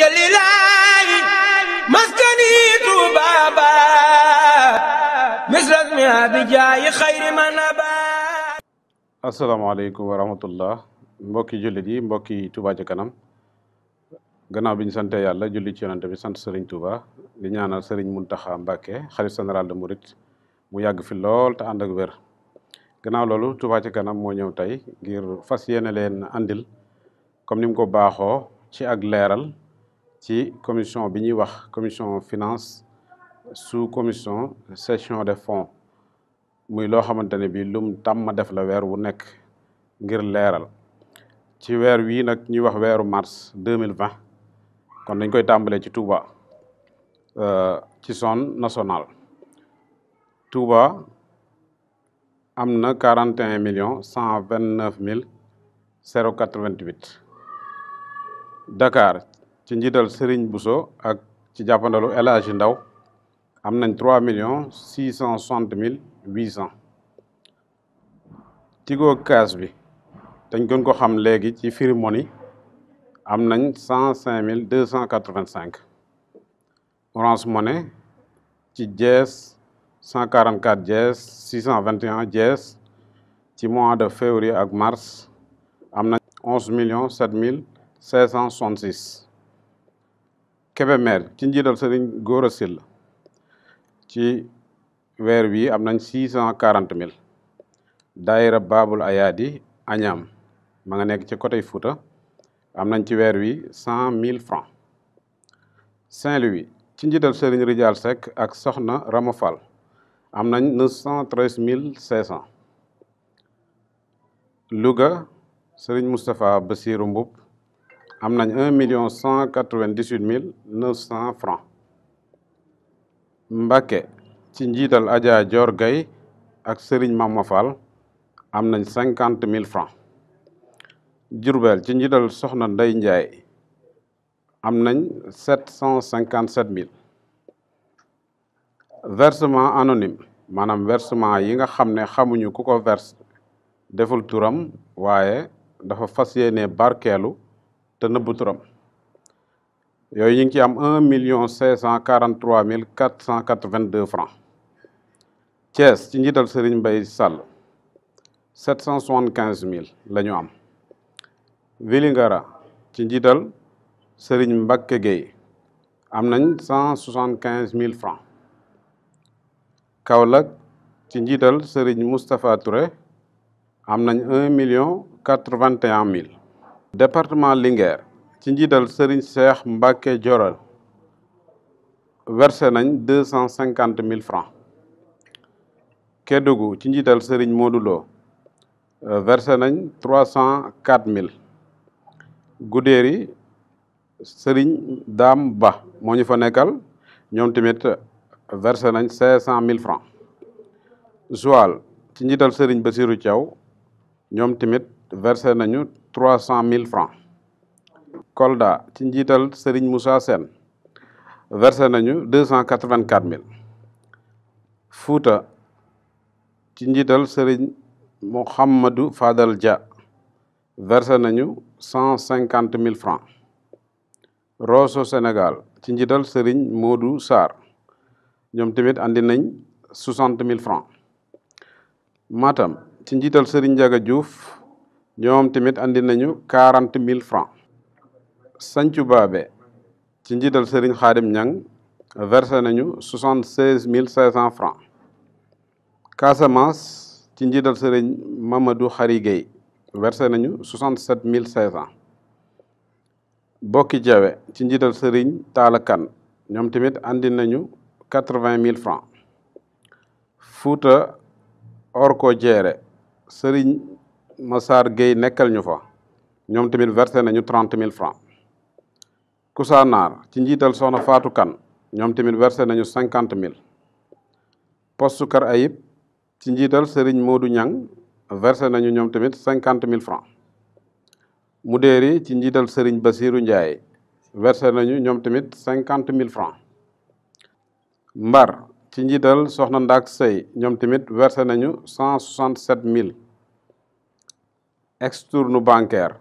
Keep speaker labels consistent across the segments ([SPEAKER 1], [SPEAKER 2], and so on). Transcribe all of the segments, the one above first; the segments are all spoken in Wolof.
[SPEAKER 1] jëlilaayi maskani Tuubaa baat misras mi abijaayi xayri man abaat asalaamaaleykum wa rahmatullah mbokki jullit yi mbokki ca kanam gannaaw bi ñu sante yàlla juli ci bi sant Serigne Touba di ñaanal Serigne Mountakha Mbacké xalif général de Mouride mu yàgg fi lool te ànd ak wér gannaaw loolu Touba ci kanam moo ñëw tey ngir fas yéene leen andil comme nim ko baaxoo ci ak leeral ci commission bi ñuy wax commission finance sous commission gestion des fonds muy loo xamante ne bii lum tàmm def la weer wu nekk ngir leeral ci weer wii nag ñuy wax weeru mars deux mille vingt kon dañ koy tàmbalee ci Touba euh, ci zone nationale Touba am na quarante et un cent vingt neuf mille zéro quatre vingt Dakar ci njiital Serigne Bousso ak ci jàppandalu El Ndaw am nañ trois millions six cent soixante mille huit cent Tigo Cash bi dañ gën ko xam léegi ci Free Money am nañ cent cinq mille deux cent quatre-vingt-cinq Orange Money ci jees cent quarante-quatre jees six cent vingt et un jees ci mois de février ak mars am nañ onze millions sept mille cinq cent soixante-six Kébémer ci njiital sëriñ Gora Sylla ci weer wii am nañ six cent quarante mille daayira Baabul Ayaadi Añaam ma nekk ci côté Fouta am nañ ci weer wi cent mille francs Saint-Louis ci njiital sëriñ Rijal Seck ak Soxna Rama am nañ neuf cent treize mille cinq cent Louga sëriñ Moustapha Bassirou Mboup am nañ un million cent quatre-vingt-dix-huit mille neuf cent francs mbake ci njiital Adja Dior Gaye ak Serigne Mama Fall am nañ cinquante mille francs Diourbel ci njiital Soxna Ndey Ndiaye am nañ sept cent cinquante sept mille versement anonyme maanaam versement yi nga xam ne xamuñu ku ko verse deful turam waaye dafa fas yéene barkeelu te nëbbu turam yooyu ñu ngi ci am un million cinq cent quarante trois mille quatre cent quatre vingt deux francs Thiès ci njiital Serigne Mbaye Sall sept cent soixante quinze mille la ñu am Vélingara ci njiital Serigne Mbacke Gueye am nañ cent soixante quinze mille francs Kaolack ci njiital Serigne Moustapha Touré am nañ un million quatre vingt et département Linguère ci njiital Serigne Cheikh Mbacké Joral versé nañ deux cent cinquante mille francs Kédougou ci njiital Serigne Modou Lo euh, nañ trois cent quatre mille Goudéry Serigne Dame Ba moo ñu fa nekkal ñoom tamit versé nañ cinq cent mille francs Joal ci njiital Serigne Bassirou Thiaw ñoom tamit verse nañu trois cent mille francs Kolda ci njiital Serigne Moussa Sène versé nañu deux cent quatre-vingt-quatre mille Fouta ci njiital Serigne Mouhamadou Fadal Dia versé nañu cent cinquante mille francs Rosso senegal ci njiital Serigne Modou Sarr ñoom tamit andi nañ soixante mille francs Matam ci njiital Serigne Ndiaga Diouf ñoom tamit andi nañu quarante mille francs Santhiou Babé ci njiital Serigne Khadim Niang versé nañu soixante seize mille cinq cent francs Casamance ci njiital Serigne Mamadou Khary Gueye versé nañu soixante sept mille cinq cent Bokki Jawe ci njiital Serigne Talla Kane ñoom tamit andi nañu quatre vingt mille francs Fouta Orko Diéré Massar Gueye nekkal ñu fa ñoom tamit versé nañu trente mille francs Kousanaar ci njiital soxna Fatou kan ñoom tamit versé nañu cinquante mille poste Kër Ayib ci njiital Serigne Modou Niang versé nañu ñoom tamit cinquante mille francs Mudéeri ci njiital Serigne Bassirou Ndiaye versé nañu ñoom tamit cinquante mille francs Mbar ci njiital soxna Ndaak Sey ñoom tamit versé nañu cent soixante sept mille extourne bancaire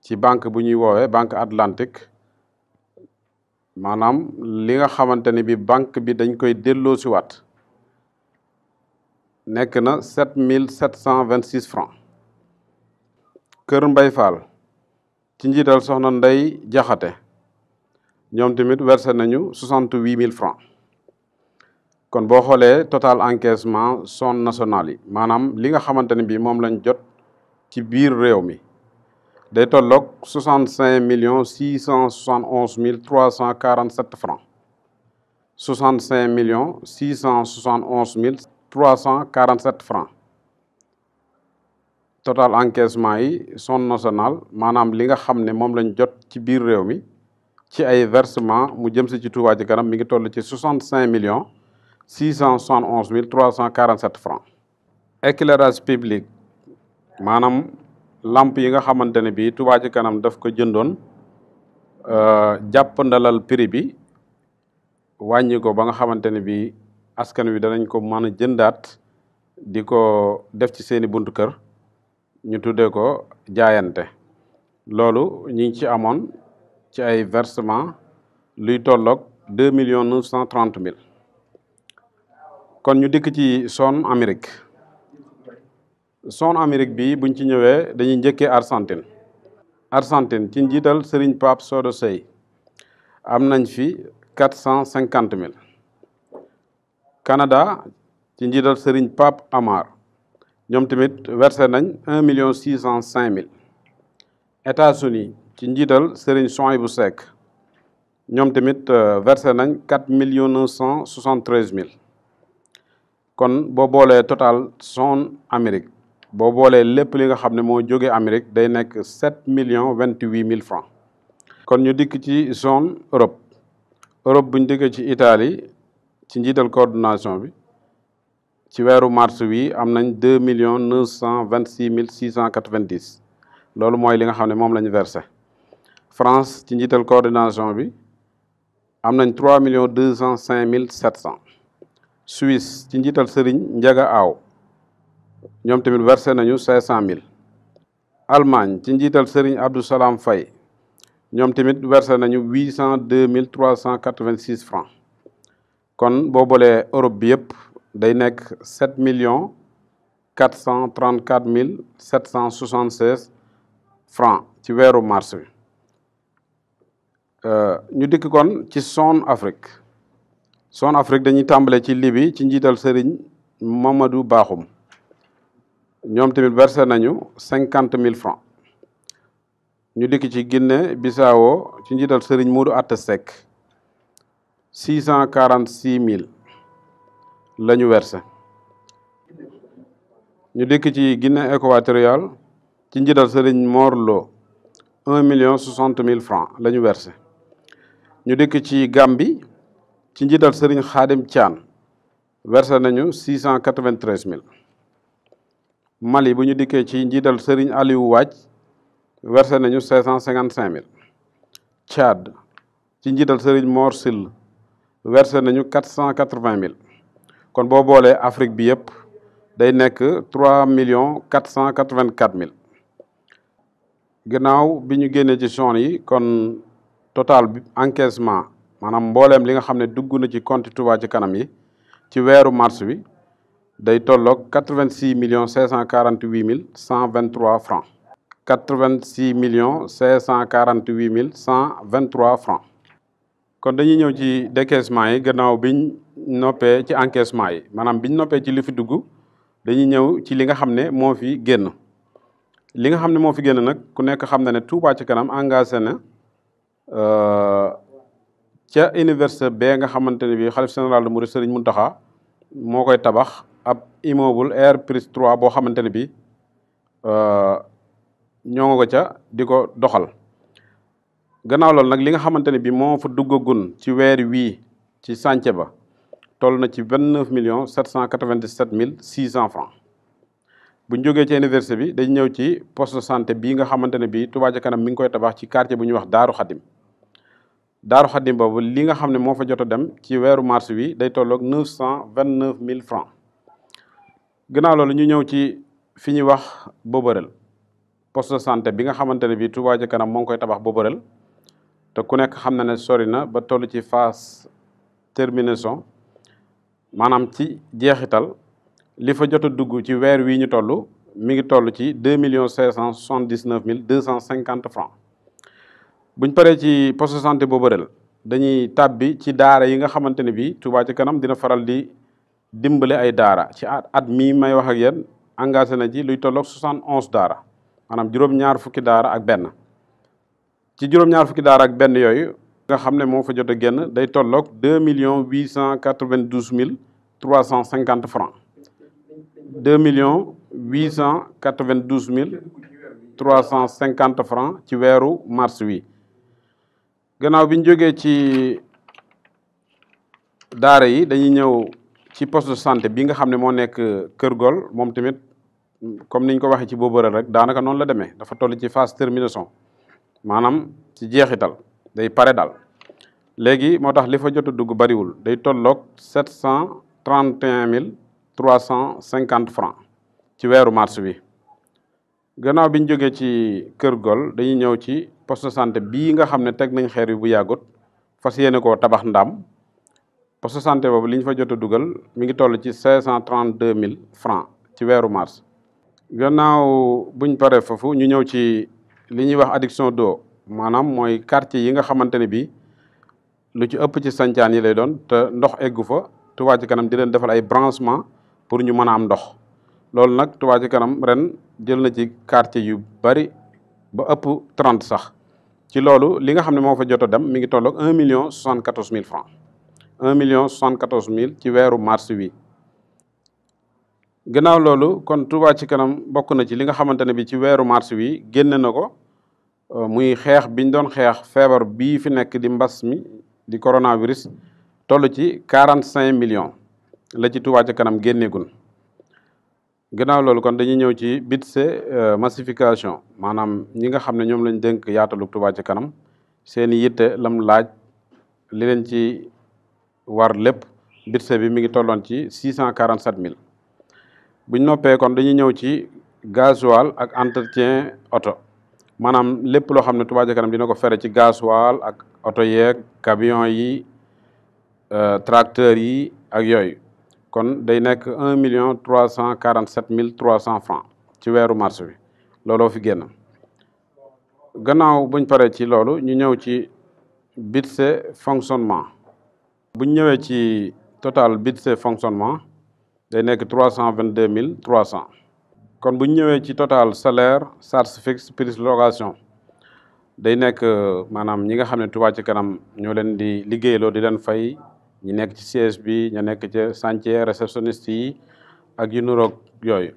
[SPEAKER 1] ci banque bu ñuy woowee banque atlantique maanaam li nga xamante ne bi banque bi dañ koy delloo si nekk na sept mille sept cent vingt six francs kër Mbay Fall ci njiital soxna Ndey Jaxate ñoom tamit versé nañu soixante huit mille francs kon boo xoolee total encaissement son national yi maanaam li nga xamante ne bi moom lañ jot ci biir réew mi day tolloog soixante cinq millions six cent soixante onze mille trois cent quarante sept francs soixante cinq millions six cent soixante onze mille trois cent quarante sept francs total encaissement yi son national maanaam li nga xam ne moom lañ jot ci biir réew mi ci ay versement mu jëm si ci Touba ci kanam mi ngi toll ci soixante cinq millions six cent soixante onze mille trois cent quarante sept francs éclairage public maanaam lamp yi nga xamante ne bii Touba ci kanam daf ko jëndoon euh, jàpp ndalal prix bi wàññi ba nga xamante ne bii askan wi danañ ko mën a jëndaat di ko def ci seeni buntu kër ñu tuddee ko jaayante loolu ñu ngi ci amoon ci ay versement luy tolloog deux millions neuf cent trent mille kon ñu dikk ci son Amérique son Amérique bi buñ ci ñëwee dañuy njëkkee Argentine Argentine ci njiital Serigne Pape Soodo am nañ fi quatre cent cinquante mille Canada ci njiital Serigne Pape Amar ñoom tamit verse nañ un million six cent cinq mille États-Unis ci njiital Serigne Souhaïbou Seck ñoom tamit euh, versé nañ quatre millions neuf cent soixante-treize mille kon boo boolee total son Amérique boo boolee lépp li nga xam ne moo jógee Amérique day nekk sept million vingt huit mille francs kon ñu dikk ci zone Europe Europe buñ ñu ci Italie ci njiital coordination bi ci weeru mars wi am nañ deux millions neuf cent vingt six mille six cent quatre vingt dix loolu mooy li nga xam ne moom la ñu versé France ci njiital coordination bi am nañ trois millions deux cent cinq mille sept cent Suisse ci njiital Serigne Ndiaga Aw ñoom tamit versé nañu cinq cent mille Allemagne ci njiital Serigne Abdou Salam Faye ñoom tamit werse nañu huit cent deux mille trois cent quatre-vingt-six francs kon boo boolee Europe bi yëpp day nekk sept million quatre cent trente-quatre mille sept cent soixante-seize francs ci weeru mars bi euh, ñu dikk kon ci son Afrique son Afrique dañuy tàmbale ci Libye ci njiital sëriñ Mamadou Bakhoum ñoom tamit versé nañu cinquante mille francs ñu dikk ci Guinée Bissau ci njiital Serigne Modou Atta Seck six cent quarante six mille la ñu versé ñu dikk ci Guinée équatoriale ci njiital Serigne Morlo un million soixante mille francs la ñu versé ñu dikk ci Gambie ci njiital Serigne Khadim Thian versé nañu six cent quatre mille Mali bu ñu dikkee ci njiital Serigne Aliou Waaj versé nañu cinq cent cinquante cinq mille Tchad ci njiital Serigne Mor Sill versé nañu quatre cent quatre vingt mille kon boo boolee Afrique bi yëpp day nekk trois millions quatre cent quatre vingt quatre mille gannaaw bi ñu génnee ci zone yi kon total bi encaissement maanaam mbooleem li nga xam ne dugg na ci compte Touba ci kanam yi ci weeru mars bi day tolloog quatre-vingt-six million cinq cent quarante mille cent vingt-trois quatre-vingt-six millions cinq cent quarante-huit mille cent vingt-trois francs kon dañuy ñëw ci décaissement yi gannaaw biñ noppee ci encaissement yi maanaam biñ noppee ci li fi dugg dañuy ñëw ci li nga xam ne moo fi génn li nga xam ne moo fi génn nag ku nekk xam na ne Touba ci kanam engagé na euh, ca université bee nga xamante ne bii xalif général de Mouride mu Mountakha moo koy tabax ab immeuble Air Prise 3 boo xamante ne bii euh, ñoo nga ko ca di ko doxal gannaaw loolu nag li nga xamante ne bii moo fa duggagun ci weer wii ci sànce ba toll na ci vingt neuf million sept cent quatre vingt dix mille six cent francs bu ñu jógee ci université bi day ñëw ci poste de santé bii nga xamante ne bii Touba ca mi ngi koy tabax ci quartier bu ñuy wax Daaru Xadim Daaru Xadim boobu li nga xam ne moo fa jot a dem ci weeru mars wi day tolloog neuf cent vingt neuf mille francs ginnaaw loolu ñu ñëw ci fi ñuy wax Boborel poste de santé bi nga xamante ne bii Touba Ca Kanam moo ngi koy tabax Boborel te ku nekk xam na ne sori na ba toll ci phase terminaison maanaam ci jeexital li fa jot a dugg ci weer wii ñu toll mi ngi toll ci deux millions cinq cent soixante dix neuf mille deux cent cinquante francs buñ paree ci poste de santé Boborel dañuy tàbbi ci daara yi nga xamante ne bii Touba Ca Kanam dina faral di. dimbale ay daara ci at mi may wax ak yéen engagé na ci luy tolloog soixante onze daara maanaam juróom-ñaar fukki daara ak benn ci juróom-ñaar fukki daara ak benn yooyu nga xam ne moo fa jot a génn day tolloog deux millions huit cent quatre-vingt-douze mille trois cent cinquante francs deux millions huit cent quatre vingt mille trois cent cinquante francs ci weeru mars wi gannaaw bi ñu ci daara yi dañuy ñëw ci poste de santé bii nga xam ne moo nekk euh, Kër Gol moom tamit comme ni ko waxee ci boobu rek daanaka noonu la demee dafa toll ci phase terminaison maanaam ci jeexital day pare dal léegi moo tax li fa jot dugg bariwul day tolloog sept cent trente et un mille trois cent cinquante francs ci weeru mars bi gannaaw bi ñu jógee ci Kër Gol dañuy ñëw ci poste de santé bii nga xam ne teg nañ xeer yi bu yàggut fas yéene ko tabax ndaam poste santé boobu li ñu fa jot a dugal mi ngi toll ci cinq cent trente deux mille francs ci weeru mars. gannaaw buñ paree foofu ñu ñëw ci li ñuy wax adduction d'eau maanaam mooy quartier yi nga xamante ne bii lu ci ëpp ci sancaan yi lay doon te ndox eggu fa Touba ci kanam di leen defal ay branchement pour ñu mën a am ndox loolu nag Touba ci kanam ren jël na ci quartier yu bari ba ëpp trente sax ci loolu li nga xam ne moo fa jot a dem mi ngi tolloog un million soixante-quatorze mille francs un million cent quatorze mille ci weeru mars wi ginnaaw loolu kon Touba ci kanam bokk na ci li nga xamante ne bi ci weeru mars wi génne na ko euh, muy xeex biñ doon xeex feebar bii fi nekk di mbas mi di coronavirus toll ci quarante cinq million la ci Touba ci kanam génneegun ginnaaw loolu kon dañuy ñëw ci bit bitse euh, massification maanaam ñi nga xam ne ñoom lañ dénk yaatalu Touba ci kanam seen yitte lam laaj li leen ci war lépp budget bi mi ngi tolloon ci six cent quarante sept mille buñ noppee kon dañuy ñëw ci gasoil ak entretien oto maanaam lépp loo xam ne Touba ca kanam dina ko fere ci gasoil ak oto yeeg camion yi euh, tracteurs yi ak yooyu kon day nekk un million trois cent quarante sept mille trois cent francs ci weeru mars bi looloo fi génn gannaaw buñ paree ci loolu ñu ñëw ci budget fonctionnement bu ñu ñëwee ci total se fonctionnement day nekk trois cent vingt deux mille trois cent. kon bu ñu ñëwee ci total salaire charge fixe prise location day nekk maanaam ñi nga xam ne ci kanam ñoo leen di liggéeyloo di leen fay ñi nekk ci siège bi ña nekk ci chantier réceptionniste yi ak yu nuroog yooyu.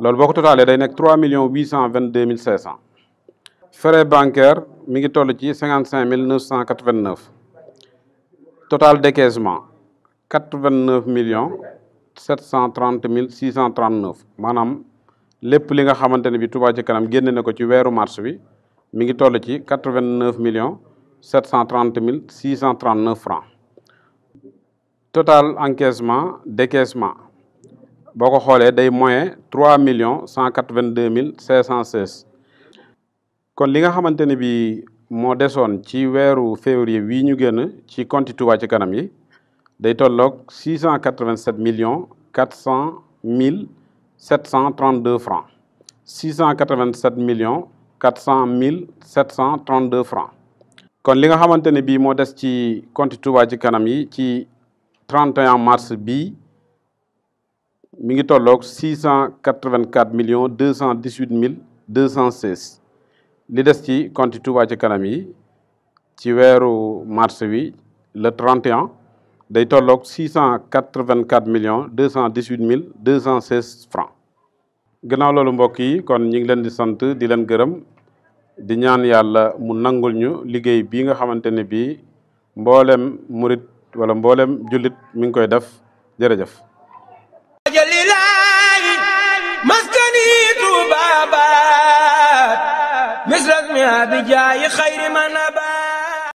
[SPEAKER 1] loolu boo ko totalee day nekk trois millions huit cent vingt deux mille cinq cent. frais bancaire mi ngi toll ci cinquante cinq mille neuf cent quatre vingt neuf. total décaissement quatre vingt neuf million sept cent trente mille six cent trente neuf maanaam lép li nga xamante ne bi Touba ci kanam génne na ko ci weeru mars bi mi ngi toll ci quatre vingt neuf millions sept cent trente mille six cent trente neuf francs total encaissement décaisement boo ko xoolee day moyen trois million cent quatre vingt deux mille cinq cent seize kon li nga xamante moo desoon ci weeru février wii ñu génn ci compte Touba ci kanam yi day tolloog six cent quatre-vingt-sept millions quatre mille sept cent deux francs six cent quatre-vingt-sept cent mille sept cent trente-deux francs kon li nga xamante ne bii moo des ci compte Touba ci kanam yi ci 31 mars bi mi ngi tolloog six cent quatre-vingt-quatre millions deux cent dix-huit mille deux cent li des ci compte Touba ci kanam yi ci weeru mars wi le 31 day tolloog 684 millions 218 mille 216 francs gannaaw loolu mbokk yi kon ñu ngi leen di sant di leen gërëm di ñaan yàlla mu nangul ñu liggéey bii nga xamante ne bii mboolem murit wala mboolem jullit mi ngi koy def jërëjëf. misras mi abi jaayi xayri man